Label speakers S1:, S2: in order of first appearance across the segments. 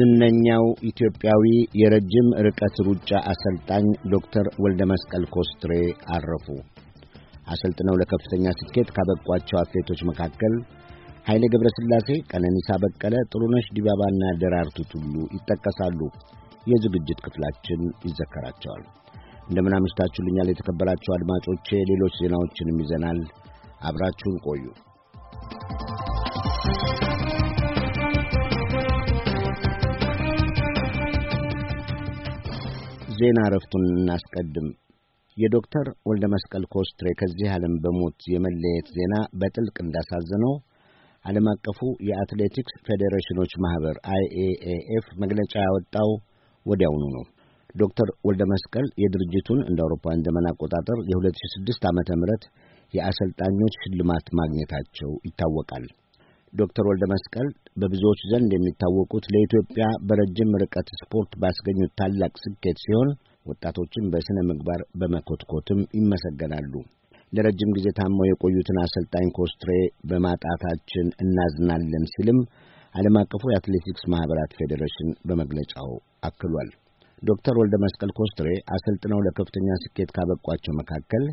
S1: ዝነኛው ኢትዮጵያዊ የረጅም ርቀት ሩጫ አሰልጣኝ ዶክተር ወልደ መስቀል ኮስትሬ አረፉ። አሰልጥነው ለከፍተኛ ስኬት ካበቋቸው አትሌቶች መካከል ኃይሌ ሥላሴ፣ ቀነኒሳ በቀለ፣ ጥሩነሽ ዲባባና ደራርቱ ቱሉ ይጠቀሳሉ። የዝግጅት ክፍላችን ይዘከራቸዋል። እንደምን አምሽታችሁልኛል የተከበራችሁ አድማጮቼ። ሌሎች ዜናዎችንም ይዘናል። አብራችሁን ቆዩ። ዜና እረፍቱን እናስቀድም። የዶክተር ወልደ መስቀል ኮስትሬ ከዚህ ዓለም በሞት የመለየት ዜና በጥልቅ እንዳሳዘነው ዓለም አቀፉ የአትሌቲክስ ፌዴሬሽኖች ማኅበር አይኤኤኤፍ መግለጫ ያወጣው ወዲያውኑ ነው። ዶክተር ወልደ መስቀል የድርጅቱን እንደ አውሮፓውያን ዘመን አቆጣጠር የ2006 ዓ ም የአሰልጣኞች ሽልማት ማግኘታቸው ይታወቃል። ዶክተር ወልደ መስቀል በብዙዎች ዘንድ የሚታወቁት ለኢትዮጵያ በረጅም ርቀት ስፖርት ባስገኙት ታላቅ ስኬት ሲሆን ወጣቶችን በሥነ ምግባር በመኮትኮትም ይመሰገናሉ። ለረጅም ጊዜ ታመው የቆዩትን አሰልጣኝ ኮስትሬ በማጣታችን እናዝናለን ሲልም ዓለም አቀፉ የአትሌቲክስ ማኅበራት ፌዴሬሽን በመግለጫው አክሏል። ዶክተር ወልደ መስቀል ኮስትሬ አሰልጥነው ለከፍተኛ ስኬት ካበቋቸው መካከል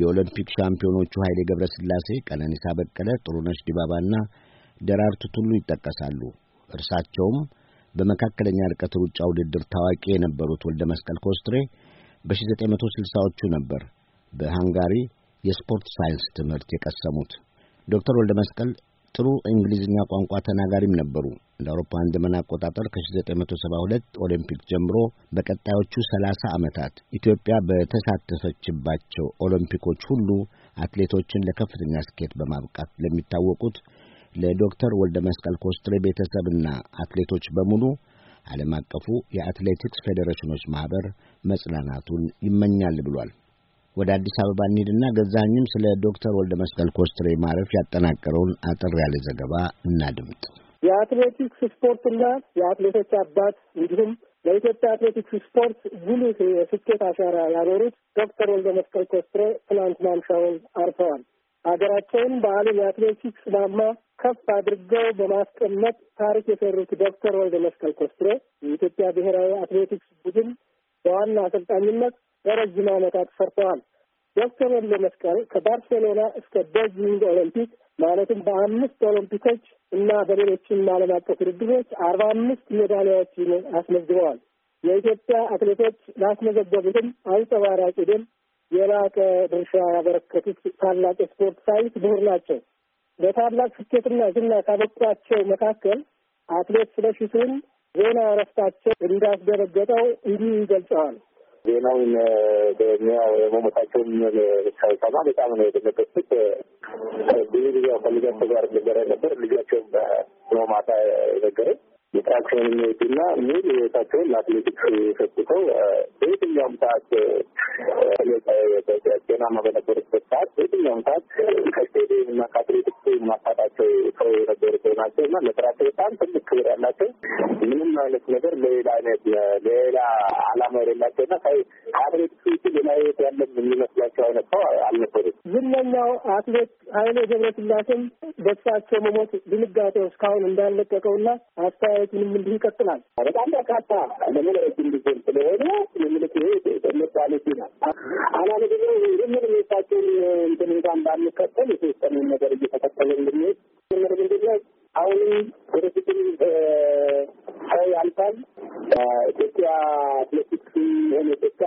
S1: የኦሎምፒክ ሻምፒዮኖቹ ኃይሌ ሥላሴ፣ ቀነኒሳ በቀለ፣ ጥሩነሽ ዲባባና ደራርቱ ቱሉ ይጠቀሳሉ። እርሳቸውም በመካከለኛ ርቀት ሩጫ ውድድር ታዋቂ የነበሩት ወልደ መስቀል ኮስትሬ በ1960ዎቹ ነበር በሃንጋሪ የስፖርት ሳይንስ ትምህርት የቀሰሙት። ዶክተር ወልደ መስቀል ጥሩ እንግሊዝኛ ቋንቋ ተናጋሪም ነበሩ። እንደ አውሮፓውያን ዘመን አቆጣጠር ከ1972 ኦሎምፒክ ጀምሮ በቀጣዮቹ 30 ዓመታት ኢትዮጵያ በተሳተፈችባቸው ኦሎምፒኮች ሁሉ አትሌቶችን ለከፍተኛ ስኬት በማብቃት ለሚታወቁት ለዶክተር ወልደ መስቀል ኮስትሬ ቤተሰብና አትሌቶች በሙሉ ዓለም አቀፉ የአትሌቲክስ ፌዴሬሽኖች ማኅበር መጽናናቱን ይመኛል ብሏል። ወደ አዲስ አበባ እንሂድና ገዛኝም ስለ ዶክተር ወልደ መስቀል ኮስትሬ ማረፍ ያጠናቀረውን አጠር ያለ ዘገባ እናድምጥ።
S2: የአትሌቲክስ ስፖርትና የአትሌቶች አባት እንዲሁም ለኢትዮጵያ አትሌቲክስ ስፖርት ጉልህ የስኬት አሻራ ያኖሩት ዶክተር ወልደ መስቀል ኮስትሬ ትናንት ማምሻውን አርፈዋል። ሀገራቸውን በዓለም የአትሌቲክስ ማማ ከፍ አድርገው በማስቀመጥ ታሪክ የሰሩት ዶክተር ወልደ መስቀል ኮስትሮ የኢትዮጵያ ብሔራዊ አትሌቲክስ ቡድን በዋና አሰልጣኝነት በረጅም ዓመታት ሰርተዋል። ዶክተር ወልደ መስቀል ከባርሴሎና እስከ ቤጂንግ ኦሎምፒክ ማለትም በአምስት ኦሎምፒኮች እና በሌሎችም ዓለም አቀፍ ውድድሮች አርባ አምስት ሜዳሊያዎች አስመዝግበዋል። የኢትዮጵያ አትሌቶች ላስመዘገቡትም አንጸባራቂ ድል የላቀ ድርሻ ያበረከቱት ታላቅ የስፖርት ሳይንስ ምሁር ናቸው። በታላቅ ስኬትና ዝና ካበቋቸው መካከል አትሌት ስለሺ ስህን ዜና
S3: እረፍታቸው እንዳስደነገጠው እንዲህ ይገልጸዋል። ዜናውን በሙያ መሞታቸውን ሳይሰማ በጣም ነው የደነገጥኩት። ብዙ ጊዜ ከልጃቸው ጋር ነገር ነበር። ልጃቸውም ነው ማታ የነገረኝ የትራክሽን የሚወዱና ሙሉ ህይወታቸውን ለአትሌቲክስ ሰጥተው በየትኛውም ሰዓት ጤናማ በነበሩበት ሰዓት በየትኛውም ሰዓት ከስቴዲየም እና ከአትሌቲክስ የማታጣቸው ሰው የነበሩ ሰው ናቸው እና ለስራቸው በጣም ትልቅ ክብር ያላቸው ምንም አይነት ነገር ለሌላ አይነት ለሌላ አላማ የሌላቸው እና የሚመስላቸው አይነት ሰው አልነበሩም።
S2: ዝነኛው አትሌት ኃይሌ ገብረስላሴም በሳቸው መሞት ድንጋጤው እስካሁን እንዳልለቀቀውና አስተያየቱንም እንዲህ ይቀጥላል። በጣም
S3: በርካታ ለምን ረጅም ጊዜ ስለሆነ የምልክ መባለች ይላል አላለ ጊዜ ይህምን የሳቸውን እንትን እንኳን ባንከተል የተወሰነ ነገር እየተከተለ እንድንሄድ ምንድነው አሁንም ወደፊትም ሰው ያልፋል ኢትዮጵያ አትሌቲክስ ሆነ ኢትዮጵያ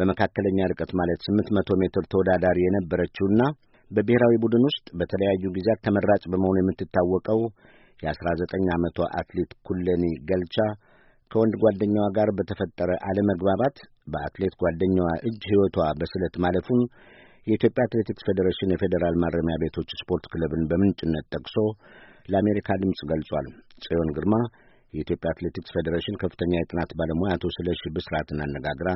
S1: በመካከለኛ ርቀት ማለት 800 ሜትር ተወዳዳሪ የነበረችውና በብሔራዊ ቡድን ውስጥ በተለያዩ ጊዜያት ተመራጭ በመሆኑ የምትታወቀው የ19 ዓመቷ አትሌት ኩለኒ ገልቻ ከወንድ ጓደኛዋ ጋር በተፈጠረ አለመግባባት በአትሌት ጓደኛዋ እጅ ሕይወቷ በስለት ማለፉን የኢትዮጵያ አትሌቲክስ ፌዴሬሽን የፌዴራል ማረሚያ ቤቶች ስፖርት ክለብን በምንጭነት ጠቅሶ ለአሜሪካ ድምፅ ገልጿል። ጽዮን ግርማ የኢትዮጵያ አትሌቲክስ ፌዴሬሽን ከፍተኛ የጥናት ባለሙያ አቶ ስለሺ ብስራትን አነጋግራ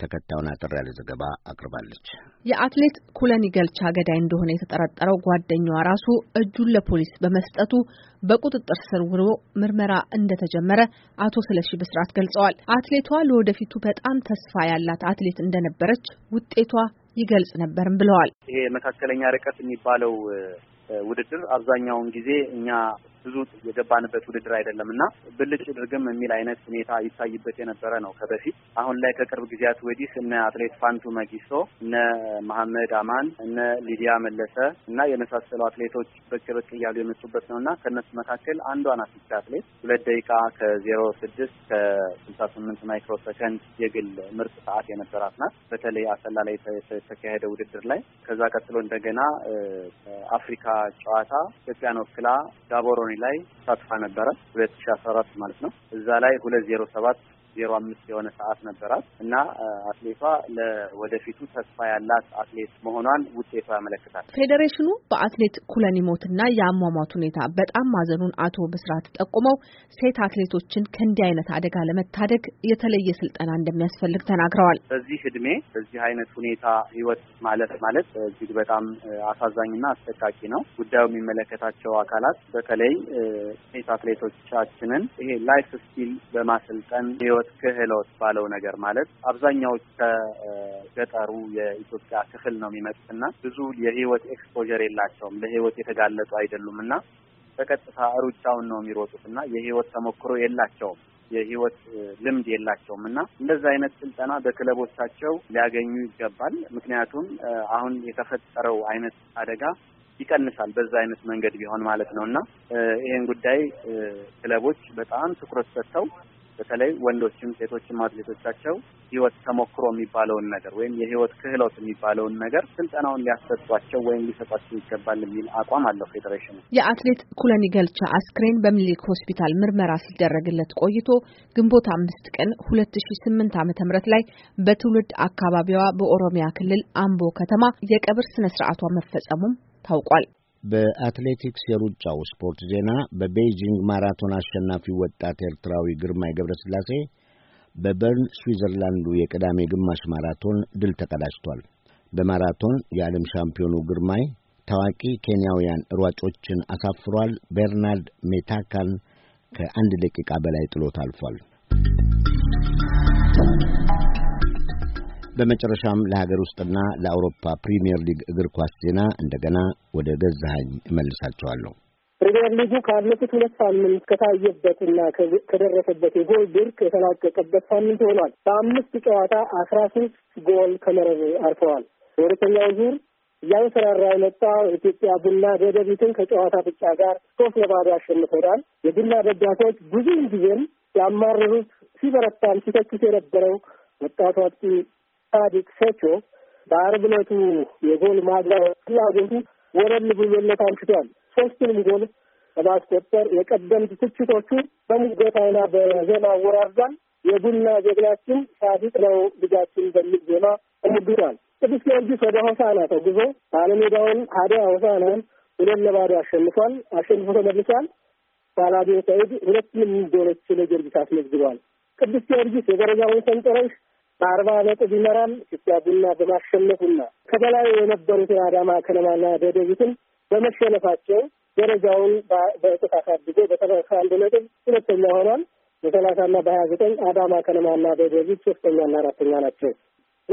S1: ተከታዩን አጠር ያለ ዘገባ አቅርባለች።
S4: የአትሌት ኩለን ገልቻ ገዳይ እንደሆነ የተጠረጠረው ጓደኛዋ ራሱ እጁን ለፖሊስ በመስጠቱ በቁጥጥር ስር ውሎ ምርመራ እንደተጀመረ አቶ ስለሺ ብስራት ገልጸዋል። አትሌቷ ለወደፊቱ በጣም ተስፋ ያላት አትሌት እንደነበረች ውጤቷ ይገልጽ ነበርም ብለዋል።
S5: ይሄ መካከለኛ ርቀት የሚባለው ውድድር አብዛኛውን ጊዜ እኛ ብዙ የገባንበት ውድድር አይደለም እና ብልጭ ድርግም የሚል አይነት ሁኔታ ይታይበት የነበረ ነው ከበፊት። አሁን ላይ ከቅርብ ጊዜያት ወዲህ እነ አትሌት ፋንቱ መጊሶ፣ እነ መሐመድ አማን፣ እነ ሊዲያ መለሰ እና የመሳሰሉ አትሌቶች ብቅ ብቅ እያሉ የመጡበት ነው እና ከእነሱ መካከል አንዷ ናት ይቺ አትሌት ሁለት ደቂቃ ከዜሮ ስድስት ከስልሳ ስምንት ማይክሮ ሰከንድ የግል ምርጥ ሰዓት የነበራት ናት በተለይ አሰላ ላይ የተካሄደ ውድድር ላይ ከዛ ቀጥሎ እንደገና አፍሪካ ጨዋታ ኢትዮጵያን ወክላ ዳቦሮን ላይ ተሳትፋ ነበረ ሁለት ሺ አስራ አራት ማለት ነው። እዛ ላይ ሁለት ዜሮ ሰባት ዜሮ አምስት የሆነ ሰዓት ነበራት እና አትሌቷ ለወደፊቱ ተስፋ ያላት አትሌት መሆኗን ውጤቷ ያመለክታል።
S4: ፌዴሬሽኑ በአትሌት ኩለኒ ሞትና የአሟሟት ሁኔታ በጣም ማዘኑን አቶ ብስራት ጠቁመው ሴት አትሌቶችን ከእንዲህ አይነት አደጋ ለመታደግ የተለየ ስልጠና እንደሚያስፈልግ ተናግረዋል።
S5: በዚህ እድሜ በዚህ አይነት ሁኔታ ህይወት ማለት ማለት እጅግ በጣም አሳዛኝና አስጠቃቂ ነው። ጉዳዩ የሚመለከታቸው አካላት በተለይ ሴት አትሌቶቻችንን ይሄ ላይፍ ስኪል በማሰልጠን ህይወት ህይወት ክህሎት ባለው ነገር ማለት አብዛኛዎች ከገጠሩ የኢትዮጵያ ክፍል ነው የሚመጡትና ብዙ የህይወት ኤክስፖዠር የላቸውም፣ ለህይወት የተጋለጡ አይደሉም እና በቀጥታ ሩጫውን ነው የሚሮጡት እና የህይወት ተሞክሮ የላቸውም የህይወት ልምድ የላቸውም እና እንደዛ አይነት ስልጠና በክለቦቻቸው ሊያገኙ ይገባል። ምክንያቱም አሁን የተፈጠረው አይነት አደጋ ይቀንሳል በዛ አይነት መንገድ ቢሆን ማለት ነው እና ይህን ጉዳይ ክለቦች በጣም ትኩረት ሰጥተው በተለይ ወንዶችም ሴቶችም አትሌቶቻቸው ህይወት ተሞክሮ የሚባለውን ነገር ወይም የህይወት ክህሎት የሚባለውን ነገር ስልጠናውን ሊያሰጧቸው ወይም ሊሰጧቸው ይገባል የሚል አቋም አለው ፌዴሬሽኑ።
S4: የአትሌት ኩለኒ ገልቻ አስክሬን በምኒልክ ሆስፒታል ምርመራ ሲደረግለት ቆይቶ ግንቦት አምስት ቀን ሁለት ሺ ስምንት ዓመተ ምህረት ላይ በትውልድ አካባቢዋ በኦሮሚያ ክልል አምቦ ከተማ የቀብር ስነ ስርዓቷ መፈጸሙም ታውቋል።
S1: በአትሌቲክስ የሩጫው ስፖርት ዜና በቤይጂንግ ማራቶን አሸናፊ ወጣት ኤርትራዊ ግርማይ ገብረስላሴ በበርን ስዊዘርላንዱ የቅዳሜ ግማሽ ማራቶን ድል ተቀዳጅቷል። በማራቶን የዓለም ሻምፒዮኑ ግርማይ ታዋቂ ኬንያውያን ሯጮችን አሳፍሯል። ቤርናርድ ሜታካን ከአንድ ደቂቃ በላይ ጥሎት አልፏል። በመጨረሻም ለሀገር ውስጥና ለአውሮፓ ፕሪምየር ሊግ እግር ኳስ ዜና እንደገና ወደ ገዛሀኝ እመልሳቸዋለሁ።
S2: ፕሪምየር ሊጉ ካለፉት ሁለት ሳምንት ከታየበትና ከደረሰበት የጎል ድርቅ የተላቀቀበት ሳምንት ሆኗል። በአምስት ጨዋታ አስራ ሶስት ጎል ከመረብ አርፈዋል። የሁለተኛው ዙር እያንሰራራ የመጣው ኢትዮጵያ ቡና ደደቢትን ከጨዋታ ብቻ ጋር ሶስት ለባዶ አሸንፎታል። የቡና ደጋፊዎች ብዙውን ጊዜም ያማረሩት ሲበረታም ሲተቹት የነበረው ወጣቱ አጥቂ ጻድቅ ሴቾ በአርብ ዕለቱ የጎል ማግባት ፍላጎቱ ወረድ ብሎለት አምሽቷል። ሶስቱንም ጎል በማስቆጠር የቀደምት ትችቶቹ በሙገታና በዜማ አወራርዷል። የቡና ዜግላችን ሳዲቅ ነው ልጃችን በሚል ዜማ ተሞግቷል። ቅዱስ ጊዮርጊስ ወደ ሆሳና ተጉዞ ባለሜዳውን ሀዲያ ሆሳናን ሁለት ለባዶ አሸንፏል። አሸንፎ ተመልሷል። ባላዴ ሰይድ ሁለቱንም ጎሎች ለጊዮርጊስ አስመዝግቧል። ቅዱስ ጊዮርጊስ የደረጃውን ሰንጠረዥ በአርባ ነጥብ ቢመራም ኢትዮጵያ ቡና በማሸነፉና ከበላይ የነበሩትን አዳማ ከነማና ደደቢትን በመሸነፋቸው ደረጃውን
S3: በእጥፍ አሳድጎ በሰላሳ አንድ ነጥብ
S2: ሁለተኛ ሆኗል። በሰላሳና በሀያ ዘጠኝ አዳማ ከነማና ደደቢት ሶስተኛና አራተኛ ናቸው።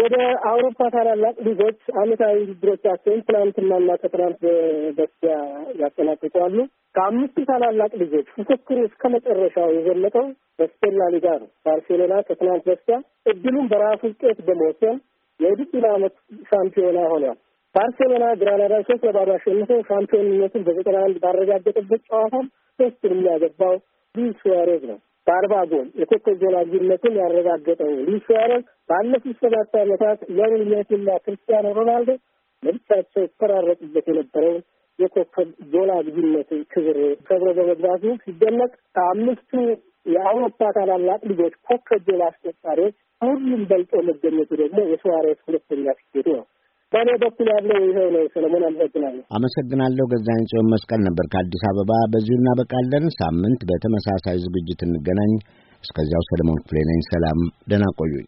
S2: ወደ አውሮፓ ታላላቅ ሊጎች አመታዊ ውድድሮቻቸውን ትናንትናና ከትናንት በስቲያ ያጠናቅቋሉ። ከአምስቱ ታላላቅ ሊጎች ፉክክሩ እስከ መጨረሻው የዘለቀው በስፔን ሊጋ ነው። ባርሴሎና ከትናንት በስቲያ እድሉን በራሱ ውጤት በመወሰን የውድድር አመት ሻምፒዮና ሆኗል። ባርሴሎና ግራናዳ ሶስት ለባዶ አሸንፎ ሻምፒዮንነቱን በዘጠና አንድ ባረጋገጠበት ጨዋታም ሶስቱን የሚያገባው ሉዊስ ሱዋሬዝ ነው። በአርባ ጎል የኮከብ ጎል አግቢነቱን ያረጋገጠው ሉዊስ ሱዋሬዝ ባለፉት ሰባት ዓመታት ሊዮኔል ክርስቲያኖ ሮናልዶ ለብቻቸው ይፈራረቁበት የነበረው የኮከብ ጎል አግቢነት ክብር ክብረ በመግባቱ ሲደነቅ ከአምስቱ የአውሮፓ ታላላቅ ልጆች ኮከብ ጎል አስቆጣሪዎች ሁሉም በልጦ መገኘቱ ደግሞ የሱዋሬስ ሁለተኛ ስኬቱ ነው። በእኔ በኩል ያለው ይኸው ነው። ሰለሞን አመሰግናለሁ።
S1: አመሰግናለሁ። ገዛኝ ጽዮን መስቀል ነበር ከአዲስ አበባ። በዚሁ እናበቃለን። ሳምንት በተመሳሳይ ዝግጅት እንገናኝ። እስከዚያው ሰለሞን ክፍሌ ነኝ። ሰላም፣ ደህና ቆዩኝ።